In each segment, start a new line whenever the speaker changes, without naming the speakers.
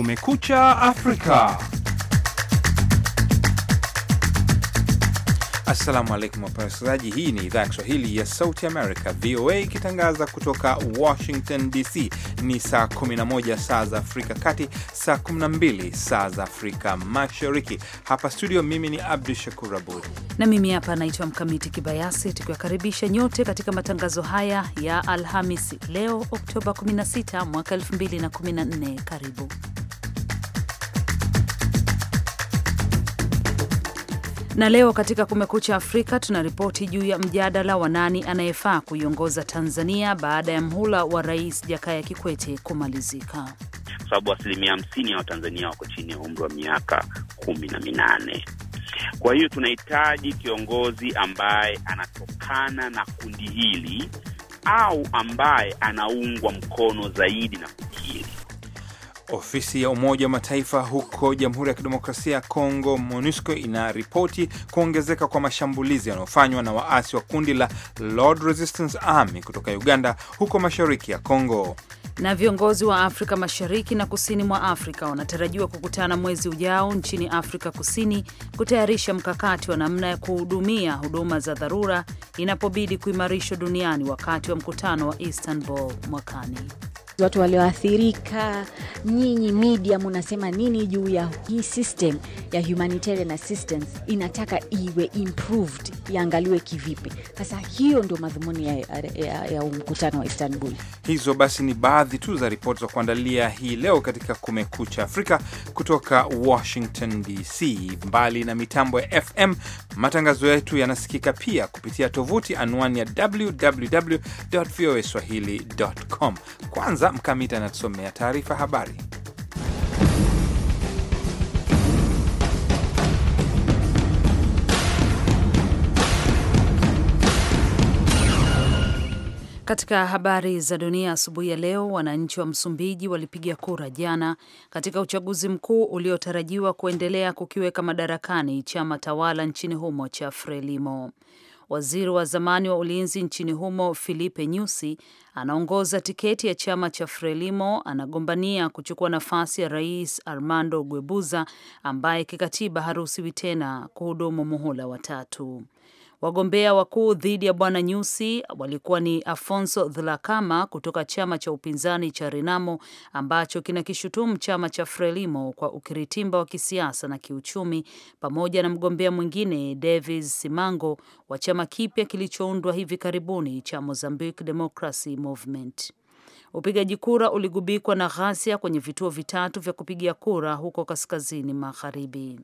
Kumekucha Afrika. Assalamu alaikum wapenzi wasikilizaji, hii ni idhaa ya Kiswahili ya Sauti Amerika, VOA, ikitangaza kutoka Washington DC. Ni saa 11 saa za Afrika Kati, saa 12 saa za Afrika Mashariki. Hapa studio, mimi ni Abdu Shakur Abud
na mimi hapa naitwa Mkamiti Kibayasi, tukiwakaribisha nyote katika matangazo haya ya Alhamisi leo Oktoba 16 mwaka 2014. Karibu Na leo katika Kumekucha Afrika tunaripoti juu ya mjadala wa nani anayefaa kuiongoza Tanzania baada ya mhula wa Rais Jakaya Kikwete kumalizika,
kwa sababu asilimia hamsini ya Watanzania wako chini ya umri wa miaka kumi na minane. Kwa hiyo tunahitaji kiongozi ambaye anatokana na kundi hili au ambaye anaungwa mkono zaidi na
Ofisi ya Umoja wa Mataifa huko Jamhuri ya Kidemokrasia ya Kongo, MONUSCO, inaripoti kuongezeka kwa mashambulizi yanayofanywa na waasi wa kundi la Lord Resistance Army kutoka Uganda huko mashariki ya Kongo.
Na viongozi wa Afrika Mashariki na kusini mwa Afrika wanatarajiwa kukutana mwezi ujao nchini Afrika Kusini kutayarisha mkakati wa namna ya kuhudumia huduma za dharura inapobidi kuimarishwa duniani wakati wa mkutano wa Istanbul mwakani
watu walioathirika, nyinyi media munasema nini juu ya hii system ya humanitarian assistance? Inataka iwe improved, iangaliwe kivipi? Sasa hiyo ndio madhumuni ya, ya, ya mkutano wa Istanbul.
Hizo basi ni baadhi tu za ripoti za kuandalia hii leo katika Kumekucha Afrika kutoka Washington DC. Mbali na mitambo ya FM, matangazo yetu yanasikika pia kupitia tovuti anwani ya www voa swahili.com. Kwanza Mkamiti anatusomea taarifa habari.
Katika habari za dunia asubuhi ya leo, wananchi wa Msumbiji walipiga kura jana katika uchaguzi mkuu uliotarajiwa kuendelea kukiweka madarakani chama tawala nchini humo cha Frelimo. Waziri wa zamani wa ulinzi nchini humo Filipe Nyusi anaongoza tiketi ya chama cha Frelimo, anagombania kuchukua nafasi ya Rais Armando Guebuza ambaye kikatiba haruhusiwi tena kuhudumu muhula watatu. Wagombea wakuu dhidi ya bwana Nyusi walikuwa ni Afonso Dhlakama kutoka chama cha upinzani cha Renamo ambacho kinakishutumu chama cha Frelimo kwa ukiritimba wa kisiasa na kiuchumi, pamoja na mgombea mwingine Davis Simango wa chama kipya kilichoundwa hivi karibuni cha Mozambique Democracy Movement. Upigaji kura uligubikwa na ghasia kwenye vituo vitatu vya kupigia kura huko kaskazini magharibi.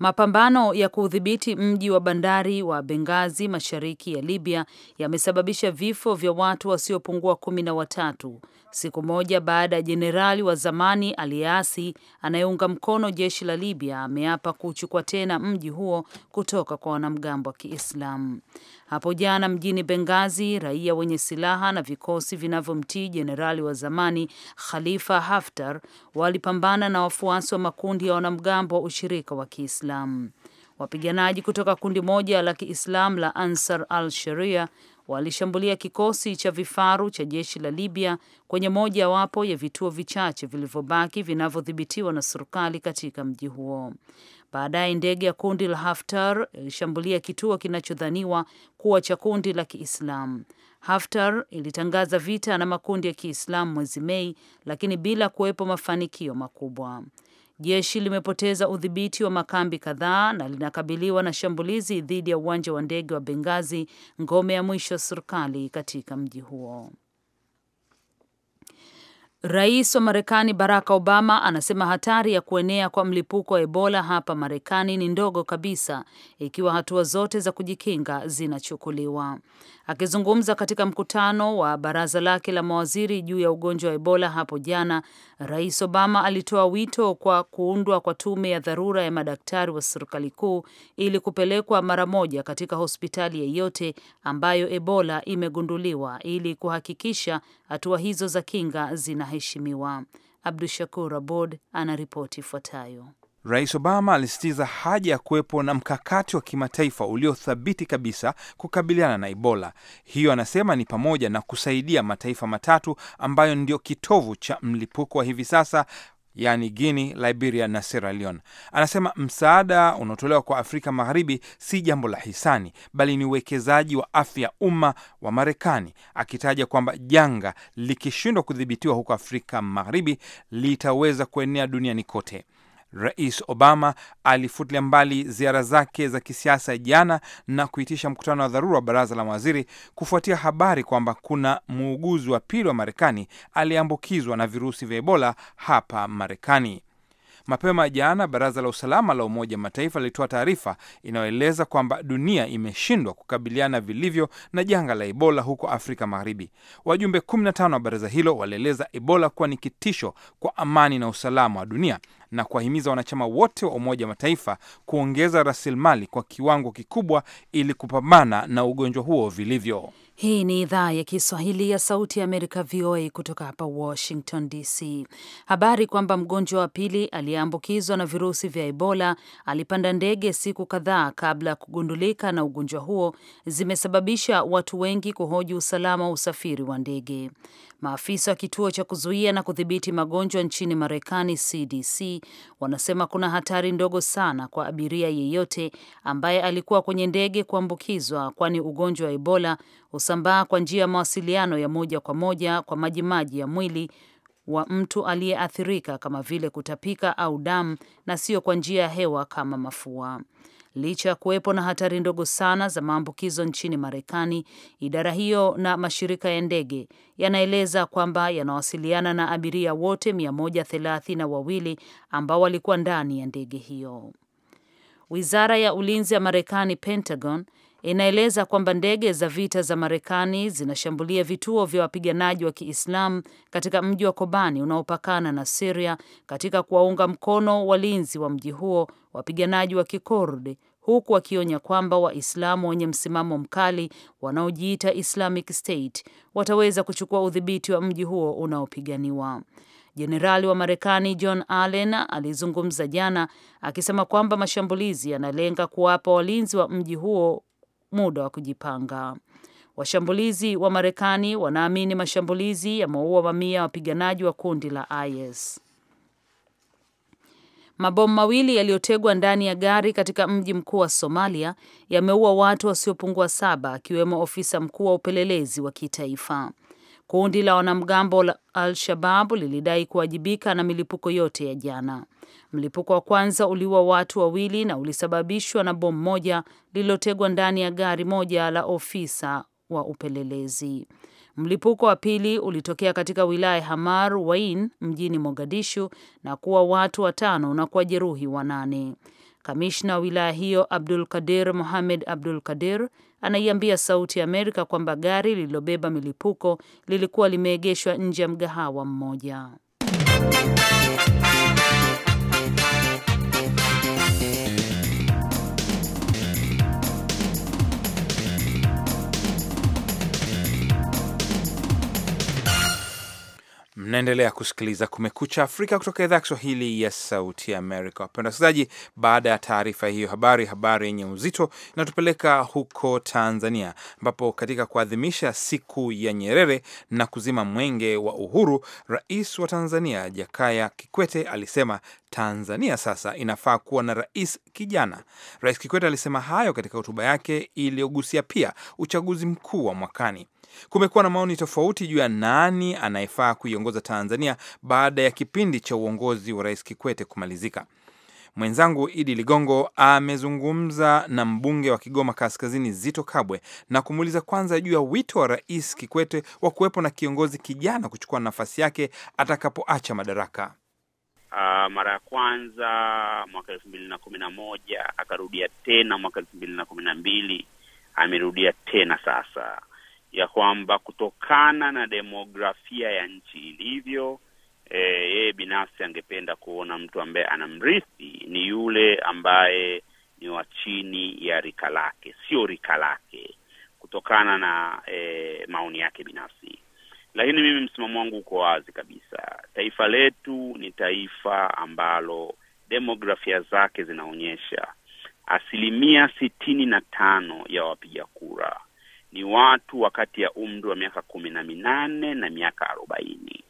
Mapambano ya kuudhibiti mji wa bandari wa bengazi mashariki ya Libya yamesababisha vifo vya watu wasiopungua kumi na watatu siku moja baada ya jenerali wa zamani aliyeasi anayeunga mkono jeshi la Libya ameapa kuchukua tena mji huo kutoka kwa wanamgambo wa Kiislamu. Hapo jana mjini Bengazi, raia wenye silaha na vikosi vinavyomtii jenerali wa zamani Khalifa Haftar walipambana na wafuasi wa makundi ya wanamgambo wa ushirika wa Kiislamu. Wapiganaji kutoka kundi moja la Kiislamu la Ansar al Sharia walishambulia kikosi cha vifaru cha jeshi la Libya kwenye moja wapo ya vituo vichache vilivyobaki vinavyodhibitiwa na serikali katika mji huo. Baadaye ndege ya kundi la Haftar ilishambulia kituo kinachodhaniwa kuwa cha kundi la Kiislamu. Haftar ilitangaza vita na makundi ya Kiislamu mwezi Mei, lakini bila kuwepo mafanikio makubwa. Jeshi limepoteza udhibiti wa makambi kadhaa na linakabiliwa na shambulizi dhidi ya uwanja wa ndege wa bengazi ngome ya mwisho ya serikali katika mji huo. Rais wa Marekani Barack Obama anasema hatari ya kuenea kwa mlipuko wa Ebola hapa Marekani ni ndogo kabisa ikiwa hatua zote za kujikinga zinachukuliwa. Akizungumza katika mkutano wa baraza lake la mawaziri juu ya ugonjwa wa Ebola hapo jana, Rais Obama alitoa wito kwa kuundwa kwa tume ya dharura ya madaktari wa serikali kuu ili kupelekwa mara moja katika hospitali yeyote ambayo Ebola imegunduliwa ili kuhakikisha hatua hizo za kinga zinaheshimiwa. Abdu Shakur Abod anaripoti ifuatayo.
Rais Obama alisisitiza haja ya kuwepo na mkakati wa kimataifa uliothabiti kabisa kukabiliana na Ebola. Hiyo anasema ni pamoja na kusaidia mataifa matatu ambayo ndio kitovu cha mlipuko wa hivi sasa yaani Guinea, Liberia na Sierra Leone. Anasema msaada unaotolewa kwa Afrika Magharibi si jambo la hisani, bali ni uwekezaji wa afya ya umma wa Marekani, akitaja kwamba janga likishindwa kudhibitiwa huko Afrika Magharibi litaweza kuenea duniani kote. Rais Obama alifutilia mbali ziara zake za kisiasa jana na kuitisha mkutano wa dharura wa baraza la mawaziri kufuatia habari kwamba kuna muuguzi wa pili wa Marekani aliyeambukizwa na virusi vya Ebola hapa Marekani. Mapema jana baraza la usalama la Umoja wa Mataifa lilitoa taarifa inayoeleza kwamba dunia imeshindwa kukabiliana vilivyo na janga la Ebola huko Afrika Magharibi. Wajumbe 15 wa baraza hilo walieleza Ebola kuwa ni kitisho kwa amani na usalama wa dunia na kuwahimiza wanachama wote wa Umoja wa Mataifa kuongeza rasilimali kwa kiwango kikubwa ili kupambana na ugonjwa huo vilivyo.
Hii ni idhaa ya Kiswahili ya Sauti ya Amerika, VOA, kutoka hapa Washington DC. Habari kwamba mgonjwa wa pili aliyeambukizwa na virusi vya Ebola alipanda ndege siku kadhaa kabla ya kugundulika na ugonjwa huo zimesababisha watu wengi kuhoji usalama wa usafiri wa ndege. Maafisa wa kituo cha kuzuia na kudhibiti magonjwa nchini Marekani, CDC, wanasema kuna hatari ndogo sana kwa abiria yeyote ambaye alikuwa kwenye ndege kuambukizwa, kwani ugonjwa wa Ebola husambaa kwa njia ya mawasiliano ya moja kwa moja kwa majimaji ya mwili wa mtu aliyeathirika kama vile kutapika au damu na sio kwa njia ya hewa kama mafua. Licha ya kuwepo na hatari ndogo sana za maambukizo nchini Marekani, idara hiyo na mashirika ya ndege yanaeleza kwamba yanawasiliana na abiria wote mia moja thelathini na wawili ambao walikuwa ndani ya ndege hiyo. Wizara ya ulinzi ya Marekani, Pentagon, inaeleza kwamba ndege za vita za Marekani zinashambulia vituo vya wapiganaji wa Kiislamu katika mji wa Kobani unaopakana na Siria katika kuwaunga mkono walinzi wa mji huo wapiganaji wa Kikurdi huku wakionya kwamba Waislamu wenye msimamo mkali wanaojiita Islamic State wataweza kuchukua udhibiti wa mji huo unaopiganiwa. Jenerali wa Marekani John Allen alizungumza jana akisema kwamba mashambulizi yanalenga kuwapa walinzi wa mji huo muda wa kujipanga. Washambulizi wa Marekani wanaamini mashambulizi yameua mamia wapiganaji wa kundi la IS. Mabomu mawili yaliyotegwa ndani ya gari katika mji mkuu wa Somalia yameua watu wasiopungua saba akiwemo ofisa mkuu wa upelelezi wa kitaifa. Kundi la wanamgambo la Al-Shababu lilidai kuwajibika na milipuko yote ya jana. Mlipuko wa kwanza uliua watu wawili na ulisababishwa na bomu moja lililotegwa ndani ya gari moja la ofisa wa upelelezi. Mlipuko wa pili ulitokea katika wilaya Hamar Wain mjini Mogadishu na kuwa watu watano na kuwajeruhi wanane. Kamishna wa wilaya hiyo Abdul Kadir Mohamed Abdul Kadir anaiambia Sauti ya Amerika kwamba gari lililobeba milipuko lilikuwa limeegeshwa nje ya mgahawa mmoja.
Mnaendelea kusikiliza Kumekucha Afrika kutoka idhaa ya Kiswahili ya Sauti Amerika. Wapenda wasikilizaji, baada ya taarifa hiyo habari, habari yenye uzito inatupeleka huko Tanzania, ambapo katika kuadhimisha siku ya Nyerere na kuzima mwenge wa uhuru, rais wa Tanzania Jakaya Kikwete alisema Tanzania sasa inafaa kuwa na rais kijana. Rais Kikwete alisema hayo katika hotuba yake iliyogusia pia uchaguzi mkuu wa mwakani. Kumekuwa na maoni tofauti juu ya nani anayefaa kuiongoza Tanzania baada ya kipindi cha uongozi wa Rais Kikwete kumalizika. Mwenzangu Idi Ligongo amezungumza na mbunge wa Kigoma Kaskazini Zito Kabwe na kumuuliza kwanza juu ya wito wa Rais Kikwete wa kuwepo na kiongozi kijana kuchukua nafasi yake atakapoacha madaraka.
Uh, mara ya kwanza mwaka elfu mbili na kumi na moja akarudia tena mwaka elfu mbili na kumi na mbili amerudia tena sasa ya kwamba kutokana na demografia ya nchi ilivyo, eh, yeye binafsi angependa kuona mtu ambaye anamrithi ni yule ambaye ni wa chini ya rika lake, sio rika lake, kutokana na e, maoni yake binafsi. Lakini mimi msimamo wangu uko wazi kabisa. Taifa letu ni taifa ambalo demografia zake zinaonyesha asilimia sitini na tano ya wapiga kura ni watu wakati ya umri wa miaka kumi na minane na miaka arobaini.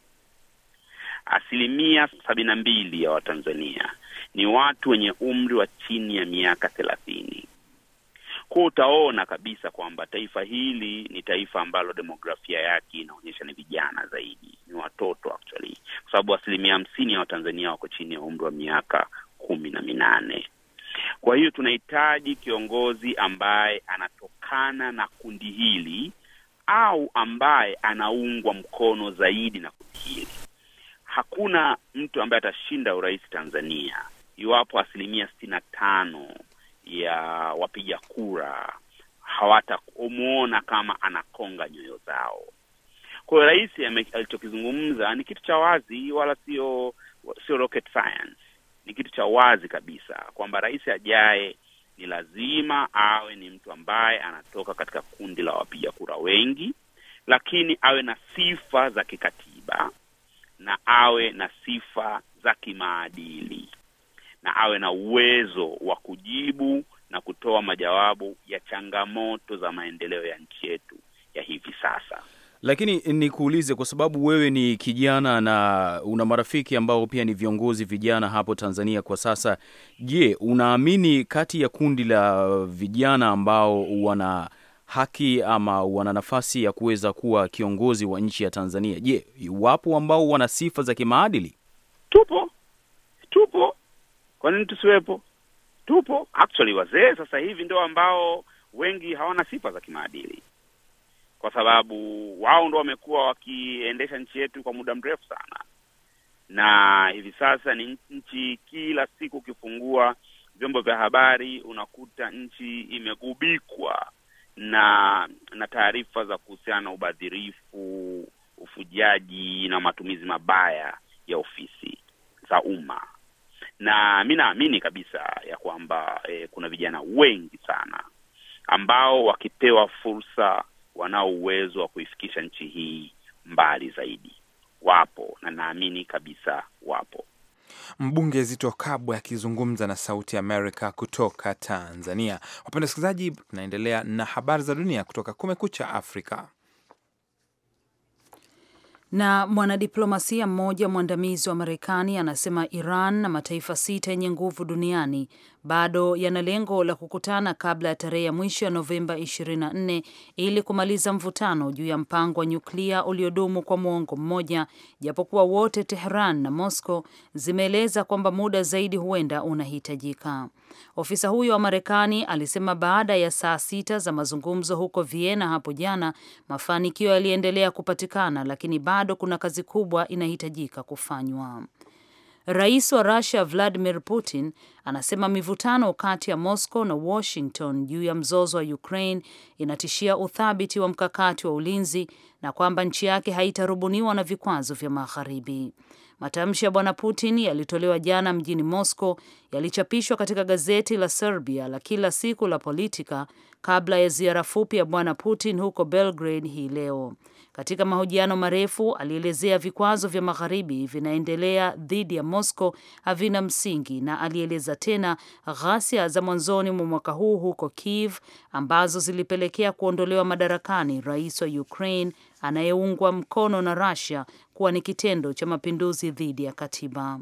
Asilimia sabini na mbili ya Watanzania ni watu wenye umri wa chini ya miaka thelathini. Kwa utaona kabisa kwamba taifa hili ni taifa ambalo demografia yake inaonyesha ni vijana zaidi, ni watoto actually, kwa sababu asilimia hamsini ya Watanzania wako chini ya umri wa miaka kumi na minane. Kwa hiyo tunahitaji kiongozi ambaye ana kutokana na kundi hili au ambaye anaungwa mkono zaidi na kundi hili. Hakuna mtu ambaye atashinda urais Tanzania iwapo asilimia sitini na tano ya wapiga kura hawatamwona kama anakonga nyoyo zao. Kwa hiyo rais alichokizungumza ni kitu cha wazi, wala sio sio rocket science, ni kitu cha wazi kabisa kwamba rais ajaye ni lazima awe ni mtu ambaye anatoka katika kundi la wapiga kura wengi, lakini awe na sifa za kikatiba na awe na sifa za kimaadili na awe na uwezo wa kujibu na kutoa majawabu ya changamoto za maendeleo ya nchi yetu ya hivi sasa.
Lakini nikuulize kwa sababu wewe ni kijana na una marafiki ambao pia ni viongozi vijana hapo Tanzania kwa sasa. Je, unaamini kati ya kundi la vijana ambao wana haki ama wana nafasi ya kuweza kuwa kiongozi wa nchi ya Tanzania, je, wapo ambao wana sifa za kimaadili? Tupo,
tupo. Kwa nini tusiwepo? Tupo actually. Wazee sasa hivi ndio ambao wengi hawana sifa za kimaadili kwa sababu wao ndo wamekuwa wakiendesha nchi yetu kwa muda mrefu sana, na hivi sasa ni nchi, kila siku ukifungua vyombo vya habari unakuta nchi imegubikwa na na taarifa za kuhusiana na ubadhirifu, ufujaji na matumizi mabaya ya ofisi za umma, na mi naamini kabisa ya kwamba eh, kuna vijana wengi sana ambao wakipewa fursa wanao uwezo wa kuifikisha nchi hii mbali zaidi. Wapo na naamini kabisa wapo.
Mbunge Zito Kabwe akizungumza na Sauti Amerika kutoka Tanzania. Wapenda wasikilizaji, tunaendelea na habari za dunia kutoka Kumekucha Afrika.
Na mwanadiplomasia mmoja mwandamizi wa Marekani anasema Iran na mataifa sita yenye nguvu duniani bado yana lengo la kukutana kabla ya tarehe ya mwisho ya Novemba 24 ili kumaliza mvutano juu ya mpango wa nyuklia uliodumu kwa mwongo mmoja, japokuwa wote Tehran na Moscow zimeeleza kwamba muda zaidi huenda unahitajika. Ofisa huyo wa Marekani alisema baada ya saa sita za mazungumzo huko Vienna hapo jana, mafanikio yaliendelea kupatikana, lakini bado kuna kazi kubwa inahitajika kufanywa. Rais wa Russia Vladimir Putin anasema mivutano kati ya Moscow na Washington juu ya mzozo wa Ukraine inatishia uthabiti wa mkakati wa ulinzi na kwamba nchi yake haitarubuniwa na vikwazo vya Magharibi. Matamshi ya Bwana Putin yalitolewa jana mjini Moscow, yalichapishwa katika gazeti la Serbia la kila siku la Politika kabla ya ziara fupi ya Bwana Putin huko Belgrade hii leo. Katika mahojiano marefu, alielezea vikwazo vya magharibi vinaendelea dhidi ya Moscow havina msingi, na alieleza tena ghasia za mwanzoni mwa mwaka huu huko Kiev ambazo zilipelekea kuondolewa madarakani rais wa Ukraine anayeungwa mkono na Russia kuwa ni kitendo cha mapinduzi dhidi ya katiba.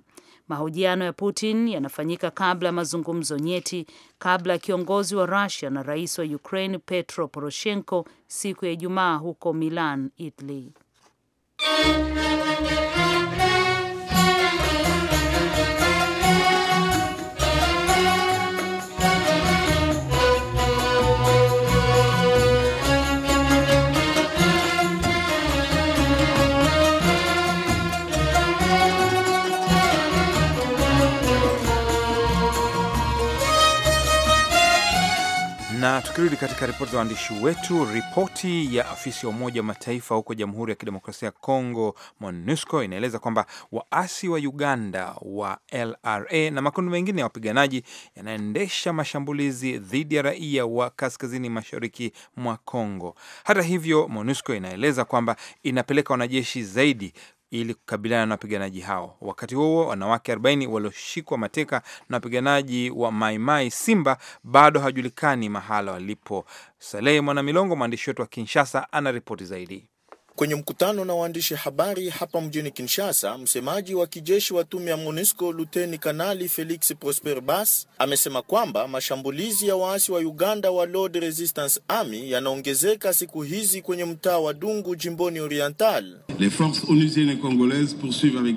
Mahojiano ya Putin yanafanyika kabla ya mazungumzo nyeti, kabla ya kiongozi wa Rusia na rais wa Ukraine Petro Poroshenko siku ya Ijumaa huko Milan, Italy.
tukirudi katika ripoti za waandishi wetu, ripoti ya afisi ya Umoja wa Mataifa huko Jamhuri ya Kidemokrasia ya Kongo, MONUSCO, inaeleza kwamba waasi wa Uganda wa LRA na makundi mengine ya wapiganaji yanaendesha mashambulizi dhidi ya raia wa kaskazini mashariki mwa Kongo. Hata hivyo, MONUSCO inaeleza kwamba inapeleka wanajeshi zaidi ili kukabiliana na wapiganaji hao. Wakati huo wanawake 40 walioshikwa mateka na wapiganaji wa Maimai Simba bado hawajulikani mahala walipo. Salehi Mwanamilongo, mwandishi wetu wa Kinshasa, ana ripoti zaidi. Kwenye mkutano na waandishi
habari hapa mjini Kinshasa, msemaji wa kijeshi wa tume ya MONUSCO Luteni Kanali Felix Prosper Bas amesema kwamba mashambulizi ya waasi wa Uganda wa Lord Resistance Army yanaongezeka siku hizi kwenye mtaa wa Dungu jimboni Oriental.
Les forces onusiennes et congolaises poursuivent avec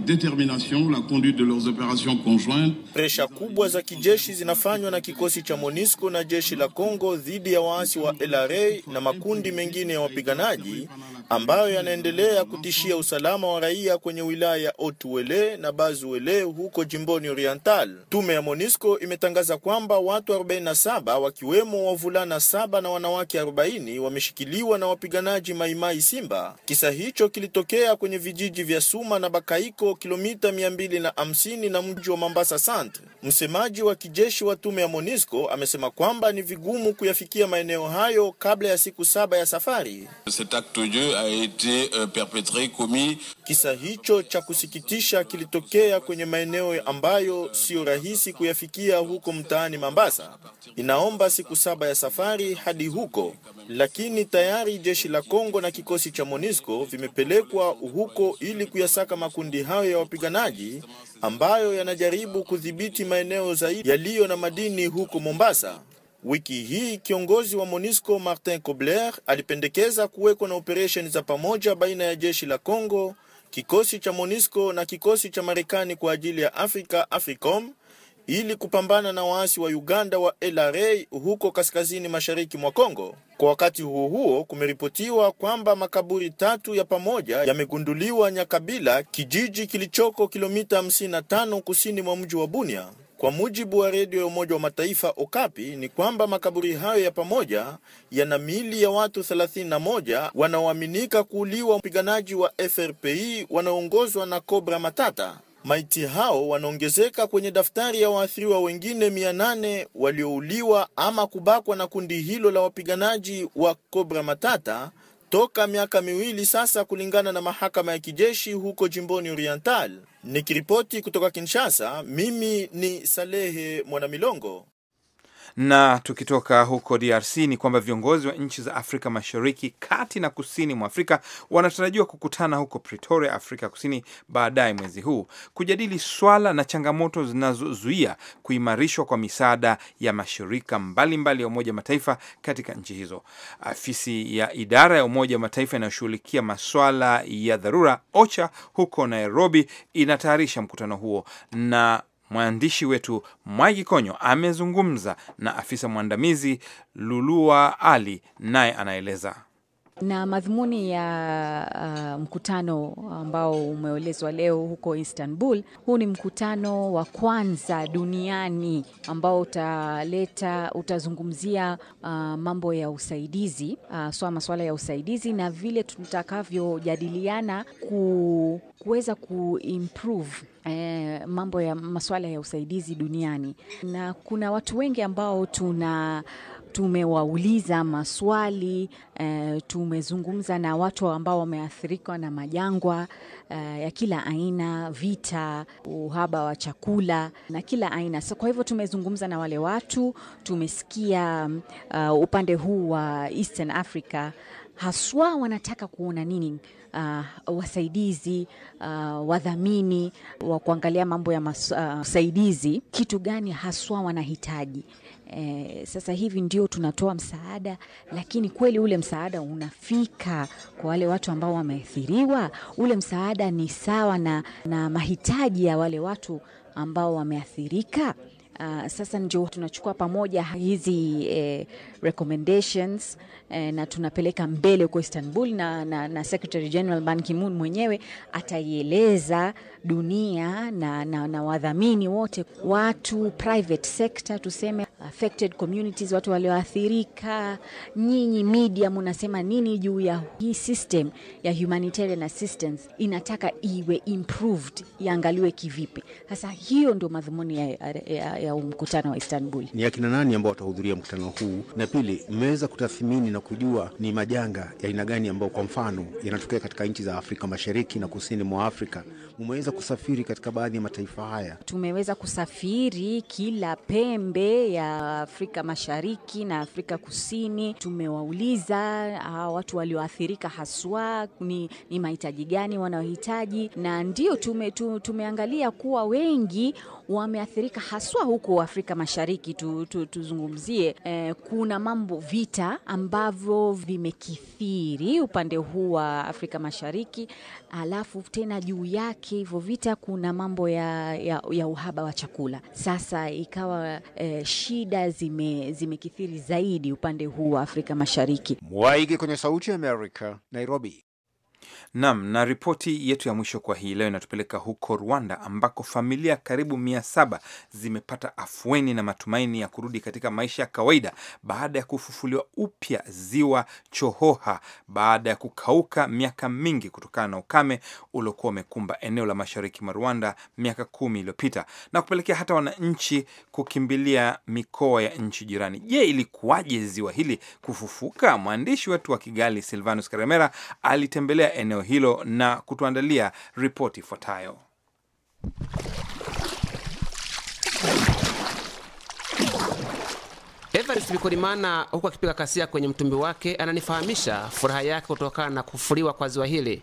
la conduite de leurs conjointes.
Presha kubwa za kijeshi zinafanywa na kikosi cha MONUSCO na jeshi la congo dhidi ya waasi wa LRA na makundi mengine ya wapiganaji ambayo ambayo yanaendelea kutishia usalama wa raia kwenye wilaya ya Otuele na Bazuele huko jimboni Oriental. Tume ya Monisco imetangaza kwamba watu 47 wakiwemo wavulana saba na wanawake 40 wameshikiliwa na wapiganaji Maimai Simba. Kisa hicho kilitokea kwenye vijiji vya Suma na Bakaiko, kilomita 250 na mji wa Mambasa Centre. Msemaji wa kijeshi wa tume ya Monisco amesema kwamba ni vigumu kuyafikia maeneo hayo kabla ya siku saba ya safari été euh, perpétré commis. Kisa hicho cha kusikitisha kilitokea kwenye maeneo ambayo siyo rahisi kuyafikia huko mtaani Mambasa. Inaomba siku saba ya safari hadi huko, lakini tayari jeshi la Kongo na kikosi cha MONUSCO vimepelekwa huko ili kuyasaka makundi hayo ya wapiganaji ambayo yanajaribu kudhibiti maeneo zaidi yaliyo na madini huko Mombasa. Wiki hii kiongozi wa MONUSCO Martin Kobler alipendekeza kuwekwa na operesheni za pamoja baina ya jeshi la Kongo, kikosi cha MONUSCO na kikosi cha Marekani kwa ajili ya Afrika AFRICOM ili kupambana na waasi wa Uganda wa LRA huko kaskazini mashariki mwa Kongo. Kwa wakati huo huo, kumeripotiwa kwamba makaburi tatu ya pamoja yamegunduliwa Nyakabila, kijiji kilichoko kilomita 55 kusini mwa mji wa Bunia. Kwa mujibu wa redio ya Umoja wa Mataifa Okapi ni kwamba makaburi hayo ya pamoja yana miili ya watu 31 wanaoaminika kuuliwa wapiganaji wa FRPI wanaoongozwa na kobra Matata. Maiti hao wanaongezeka kwenye daftari ya waathiriwa wengine 800 waliouliwa ama kubakwa na kundi hilo la wapiganaji wa kobra Matata toka miaka miwili sasa, kulingana na mahakama ya kijeshi huko jimboni Oriental. Nikiripoti kutoka Kinshasa, mimi ni Salehe Mwanamilongo.
Na tukitoka huko DRC ni kwamba viongozi wa nchi za Afrika Mashariki, kati na kusini mwa Afrika wanatarajiwa kukutana huko Pretoria, Afrika Kusini, baadaye mwezi huu kujadili swala na changamoto zinazozuia kuimarishwa kwa misaada ya mashirika mbalimbali mbali ya Umoja Mataifa katika nchi hizo. Afisi ya idara ya Umoja wa Mataifa inayoshughulikia maswala ya dharura OCHA huko Nairobi inatayarisha mkutano huo na Mwandishi wetu Mwaigi Konyo amezungumza na afisa mwandamizi Lulua Ali, naye anaeleza.
Na madhumuni ya uh, mkutano ambao umeelezwa leo huko Istanbul, huu ni mkutano wa kwanza duniani ambao utaleta utazungumzia uh, mambo ya usaidizi uh, swa masuala ya usaidizi na vile tutakavyojadiliana ku kuweza kuimprove eh, mambo ya masuala ya usaidizi duniani, na kuna watu wengi ambao tuna tumewauliza maswali e, tumezungumza na watu ambao wameathirika na majangwa e, ya kila aina, vita, uhaba wa chakula na kila aina. So, kwa hivyo tumezungumza na wale watu, tumesikia uh, upande huu wa Eastern Africa haswa wanataka kuona nini, uh, wasaidizi uh, wadhamini wa kuangalia mambo ya masaidizi, uh, kitu gani haswa wanahitaji E, sasa hivi ndio tunatoa msaada, lakini kweli ule msaada unafika kwa wale watu ambao wameathiriwa? Ule msaada ni sawa na, na mahitaji ya wale watu ambao wameathirika? Uh, sasa ndio tunachukua pamoja hizi eh, recommendations eh, na tunapeleka mbele huko Istanbul na, na, na Secretary General Ban Ki-moon mwenyewe ataieleza dunia na, na, na wadhamini wote, watu private sector, tuseme affected communities, watu walioathirika, nyinyi media munasema nini juu ya hii system ya humanitarian assistance, inataka iwe improved, iangaliwe kivipi? Sasa hiyo ndio madhumuni ya, ya, ya, ya mkutano wa Istanbul.
Ni akina nani ambao watahudhuria mkutano huu na pili, mmeweza kutathmini na kujua ni majanga ya aina gani ambayo kwa mfano yanatokea katika nchi za Afrika Mashariki na kusini mwa Afrika? Mmeweza kusafiri katika baadhi ya mataifa haya?
Tumeweza kusafiri kila pembe ya Afrika Mashariki na Afrika Kusini. Tumewauliza ah, watu walioathirika haswa ni, ni mahitaji gani wanaohitaji, na ndio tume, tumeangalia kuwa wengi wameathirika haswa huko Afrika Mashariki tu, tu, tuzungumzie eh, kuna mambo vita ambavyo vimekithiri upande huu wa Afrika Mashariki, alafu tena juu yake hivyo vita kuna mambo ya, ya, ya uhaba wa chakula. Sasa ikawa eh, shida zime, zimekithiri zaidi upande huu wa Afrika Mashariki. Mwaige
kwenye Sauti ya Amerika, Nairobi. Nam na ripoti yetu ya mwisho kwa hii leo inatupeleka huko Rwanda ambako familia karibu mia saba zimepata afueni na matumaini ya kurudi katika maisha ya kawaida baada ya kufufuliwa upya ziwa Chohoha baada ya kukauka miaka mingi kutokana na ukame uliokuwa umekumba eneo la mashariki mwa Rwanda miaka kumi iliyopita na kupelekea hata wananchi kukimbilia mikoa ya nchi jirani. Je, ilikuwaje ziwa hili kufufuka? Mwandishi wetu wa Kigali Silvanus Karemera alitembelea eneo hilo na kutuandalia ripoti ifuatayo.
Evarist Bikorimana huku akipiga kasia kwenye mtumbi wake, ananifahamisha furaha yake kutokana na kufuriwa kwa ziwa hili.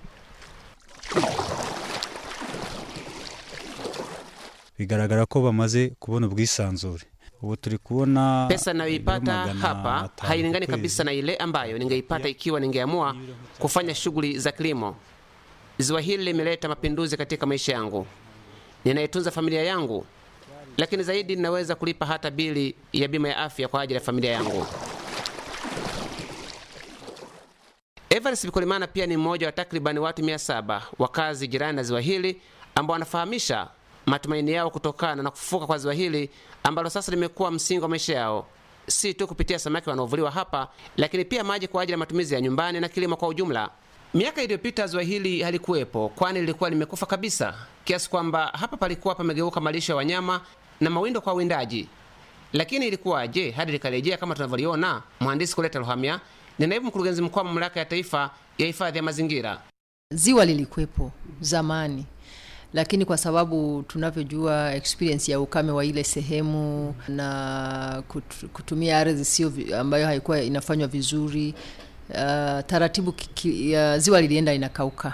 bigaragara ko bamaze kubona ubwisanzure Ubu turi pesa nayoipata hapa hailingani kabisa
na ile ambayo ningeipata ikiwa ningeamua kufanya shughuli za kilimo. Ziwa hili limeleta mapinduzi katika maisha yangu, ninayetunza familia yangu, lakini zaidi ninaweza kulipa hata bili ya bima ya afya kwa ajili ya familia yangu. Evarist Bikolimana pia ni mmoja wa takribani watu mia saba wakazi jirani na ziwa hili ambao wanafahamisha matumaini yao kutokana na kufufuka kwa ziwa hili ambalo sasa limekuwa msingi wa maisha yao, si tu kupitia samaki wanaovuliwa hapa, lakini pia maji kwa ajili ya matumizi ya nyumbani na kilimo kwa ujumla. Miaka iliyopita ziwa hili halikuwepo, kwani lilikuwa limekufa kabisa, kiasi kwamba hapa palikuwa pamegeuka malisho ya wanyama na mawindo kwa windaji. Lakini ilikuwaje hadi likarejea kama tunavyoliona? Mhandisi Kuleta luhamia ni naibu mkurugenzi mkuu wa mamlaka ya taifa ya hifadhi ya mazingira.
Ziwa lilikuwepo zamani, lakini kwa sababu tunavyojua experience ya ukame wa ile sehemu na kutumia ardhi sio ambayo haikuwa inafanywa vizuri, uh, taratibu kiki, uh, ziwa lilienda inakauka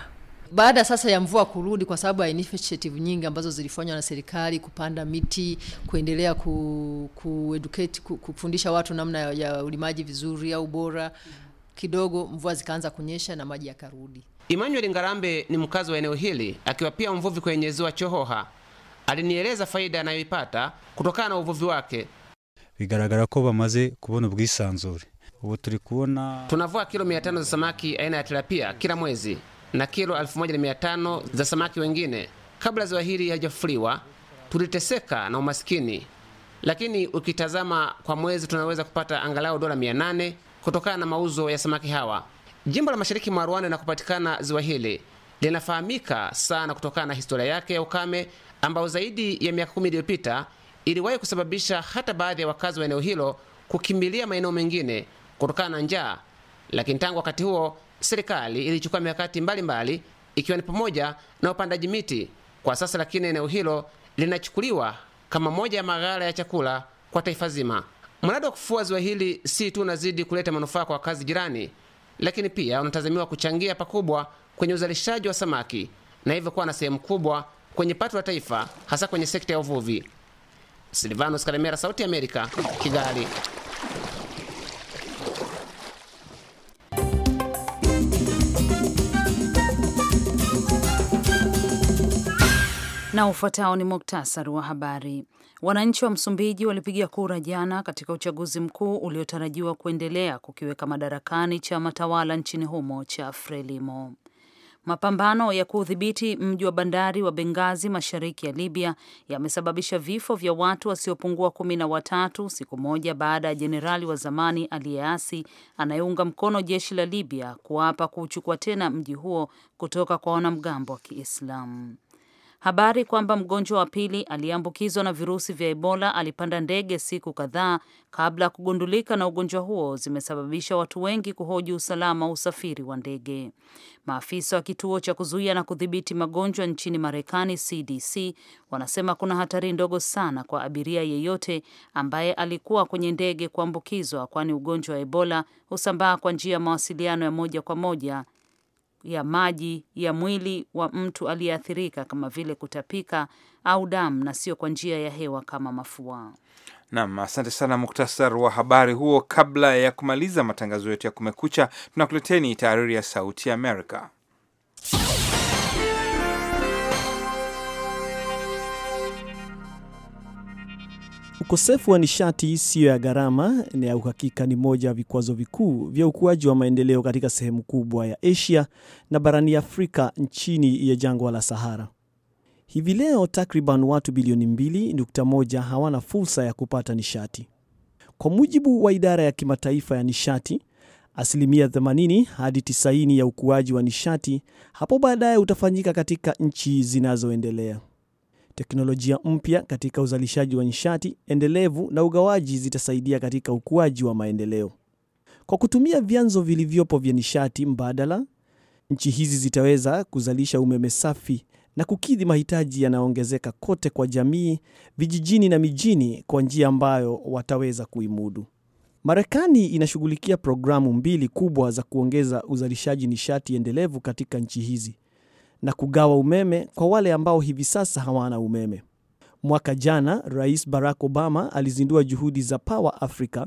baada sasa ya mvua kurudi, kwa sababu ya initiative nyingi ambazo zilifanywa na serikali, kupanda miti, kuendelea ku, ku educate, ku, kufundisha watu namna ya ulimaji vizuri au bora, kidogo mvua zikaanza kunyesha na maji yakarudi.
Emmanuel Ngarambe ni mkazi wa eneo hili, akiwa pia mvuvi kwenye ziwa Chohoha. Alinieleza faida anayoipata kutokana na uvuvi wake.
bigaragara ko bamaze kubona ubwisanzure ubu turi kubona
tunavua kilo 500 za samaki aina ya tilapia kila mwezi na kilo 1500 za samaki wengine. Kabla ziwa hili halijafuliwa, tuliteseka na umasikini, lakini ukitazama kwa mwezi tunaweza kupata angalau dola 800 kutokana na mauzo ya samaki hawa. Jimbo la mashariki mwa Rwanda na kupatikana ziwa hili linafahamika sana kutokana na historia yake ya ukame ambao zaidi ya miaka kumi iliyopita iliwahi kusababisha hata baadhi ya wakazi wa eneo hilo kukimbilia maeneo mengine kutokana na njaa. Lakini tangu wakati huo serikali ilichukua mikakati mbalimbali ikiwa ni pamoja na upandaji miti. Kwa sasa lakini eneo hilo linachukuliwa kama moja ya maghala ya chakula kwa taifa zima. Mradi wa kufua ziwa hili si tu unazidi kuleta manufaa kwa wakazi jirani lakini pia wanatazamiwa kuchangia pakubwa kwenye uzalishaji wa samaki na hivyo kuwa na sehemu kubwa kwenye pato la taifa hasa kwenye sekta ya uvuvi. Silvanos Kalemera, Sauti ya Amerika, Kigali.
Na ufuatao ni muktasari wa habari. Wananchi wa Msumbiji walipiga kura jana katika uchaguzi mkuu uliotarajiwa kuendelea kukiweka madarakani chama tawala nchini humo cha Frelimo. Mapambano ya kuudhibiti mji wa bandari wa Bengazi mashariki ya Libya yamesababisha vifo vya watu wasiopungua kumi na watatu siku moja baada ya jenerali wa zamani aliyeasi anayeunga mkono jeshi la Libya kuapa kuuchukua tena mji huo kutoka kwa wanamgambo wa Kiislamu. Habari kwamba mgonjwa wa pili aliyeambukizwa na virusi vya Ebola alipanda ndege siku kadhaa kabla ya kugundulika na ugonjwa huo zimesababisha watu wengi kuhoji usalama wa usafiri wa ndege. Maafisa wa kituo cha kuzuia na kudhibiti magonjwa nchini Marekani, CDC, wanasema kuna hatari ndogo sana kwa abiria yeyote ambaye alikuwa kwenye ndege kuambukizwa, kwani ugonjwa wa Ebola husambaa kwa njia ya mawasiliano ya moja kwa moja ya maji ya mwili wa mtu aliyeathirika kama vile kutapika au damu na sio kwa njia ya hewa kama mafua.
Nam, asante sana. Muktasar wa habari huo. Kabla ya kumaliza matangazo yetu ya Kumekucha, tunakuleteni tahariri ya Sauti ya Amerika.
Ukosefu wa nishati siyo ya gharama na ya uhakika ni moja ya vikwazo vikuu vya ukuaji wa maendeleo katika sehemu kubwa ya Asia na barani Afrika chini ya jangwa la Sahara. Hivi leo takriban watu bilioni 2.1 hawana fursa ya kupata nishati. Kwa mujibu wa idara ya kimataifa ya nishati, asilimia 80 hadi 90 ya ukuaji wa nishati hapo baadaye utafanyika katika nchi zinazoendelea. Teknolojia mpya katika uzalishaji wa nishati endelevu na ugawaji zitasaidia katika ukuaji wa maendeleo. Kwa kutumia vyanzo vilivyopo vya nishati mbadala, nchi hizi zitaweza kuzalisha umeme safi na kukidhi mahitaji yanayoongezeka kote kwa jamii, vijijini na mijini kwa njia ambayo wataweza kuimudu. Marekani inashughulikia programu mbili kubwa za kuongeza uzalishaji nishati endelevu katika nchi hizi na kugawa umeme kwa wale ambao hivi sasa hawana umeme. Mwaka jana, Rais Barack Obama alizindua juhudi za Power Africa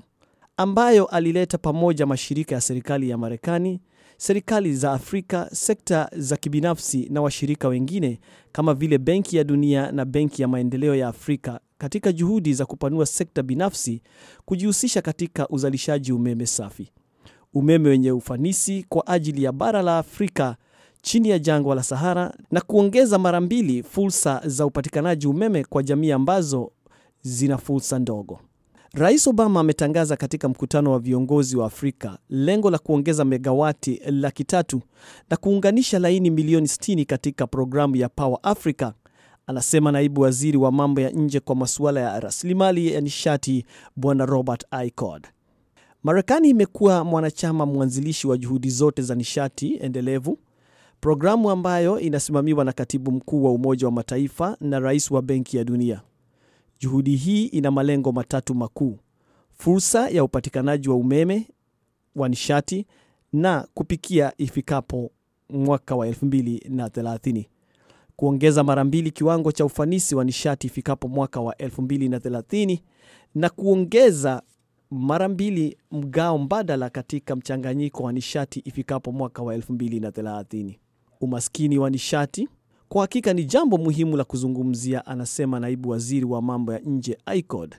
ambayo alileta pamoja mashirika ya serikali ya Marekani, serikali za Afrika, sekta za kibinafsi na washirika wengine kama vile Benki ya Dunia na Benki ya Maendeleo ya Afrika katika juhudi za kupanua sekta binafsi kujihusisha katika uzalishaji umeme safi, umeme wenye ufanisi kwa ajili ya bara la Afrika chini ya jangwa la Sahara na kuongeza mara mbili fursa za upatikanaji umeme kwa jamii ambazo zina fursa ndogo. Rais Obama ametangaza katika mkutano wa viongozi wa Afrika lengo la kuongeza megawati laki tatu na kuunganisha laini milioni 60 katika programu ya Power Africa, anasema naibu waziri wa mambo ya nje kwa masuala ya rasilimali ya nishati Bwana Robert Icord. Marekani imekuwa mwanachama mwanzilishi wa juhudi zote za nishati endelevu programu ambayo inasimamiwa na katibu mkuu wa Umoja wa Mataifa na rais wa Benki ya Dunia. Juhudi hii ina malengo matatu makuu: fursa ya upatikanaji wa umeme wa nishati na kupikia ifikapo mwaka wa 2030, kuongeza mara mbili kiwango cha ufanisi wa nishati ifikapo mwaka wa 2030 na kuongeza mara mbili mgao mbadala katika mchanganyiko wa nishati ifikapo mwaka wa 2030 umaskini wa nishati kwa hakika ni jambo muhimu la kuzungumzia, anasema naibu waziri wa mambo ya nje ICOD.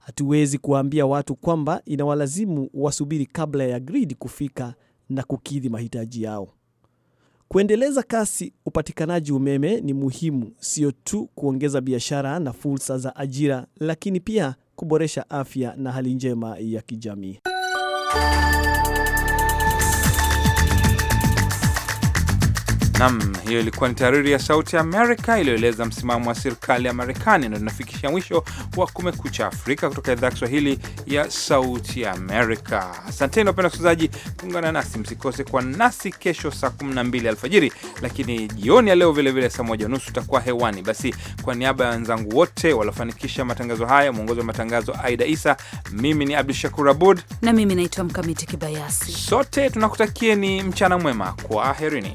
Hatuwezi kuwaambia watu kwamba inawalazimu wasubiri kabla ya grid kufika na kukidhi mahitaji yao. Kuendeleza kasi upatikanaji umeme ni muhimu, sio tu kuongeza biashara na fursa za ajira, lakini pia kuboresha afya na hali njema ya kijamii.
Nam, hiyo ilikuwa ni tahariri ya Sauti ya Amerika iliyoeleza msimamo wa serikali ya Marekani. na tunafikisha mwisho wa Kumekucha Afrika kutoka idhaa ya Kiswahili ya Sauti ya Amerika. Asanteni wapenda wasikilizaji kuungana nasi, msikose kwa nasi kesho saa 12 alfajiri, lakini jioni ya leo vilevile saa moja nusu utakuwa hewani. Basi, kwa niaba ya wenzangu wote waliofanikisha matangazo haya, mwongozi wa matangazo Aida Isa, mimi ni Abdu Shakur Abud
na mimi naitwa Mkamiti Kibayasi,
sote tunakutakieni mchana mwema, kwa aherini.